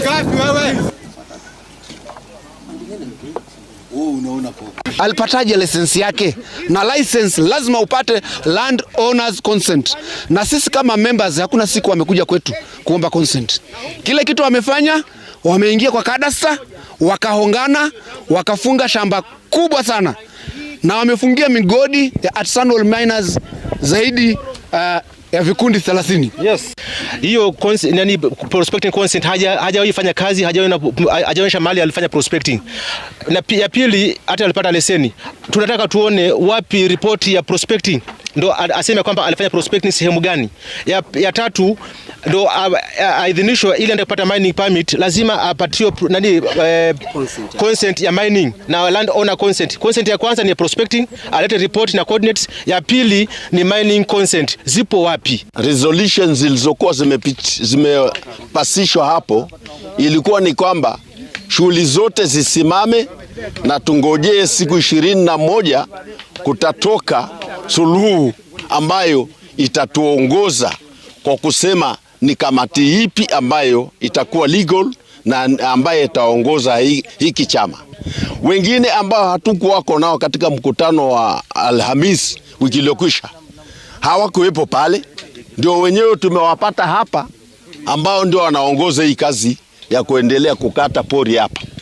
ngapi wewe? Alipataje lisensi yake? Na license lazima upate land owners consent, na sisi kama members hakuna siku wamekuja kwetu kuomba consent. Kile kitu wamefanya, wameingia kwa kadasta, wakahongana, wakafunga shamba kubwa sana, na wamefungia migodi ya artisanal miners zaidi uh, ya vikundi 30. Yes. Hiyo nani prospecting consent hajawahi fanya kazi, hajaonyesha mali alifanya prospecting. Na ya pili hata alipata leseni. Tunataka tuone wapi ripoti ya prospecting ndo aseme kwamba alifanya prospecting sehemu gani. Ya, ya tatu ndo ah, ah, aidhinishwe ili aende kupata mining permit, lazima apatiwe nani, eh, consent. ya mining na land owner consent. Consent ya kwanza ni prospecting, alete report na coordinates. Ya pili ni mining consent, zipo wapi? Resolutions zilizokuwa zimepasishwa zime hapo ilikuwa ni kwamba shughuli zote zisimame na tungojee siku ishirini na moja kutatoka suluhu ambayo itatuongoza kwa kusema ni kamati ipi ambayo itakuwa legal na ambaye itaongoza hiki chama. Wengine ambao hatukuwako nao katika mkutano wa Alhamis wiki iliyokwisha hawakuwepo pale, ndio wenyewe tumewapata hapa, ambao ndio wanaongoza hii kazi ya kuendelea kukata pori hapa.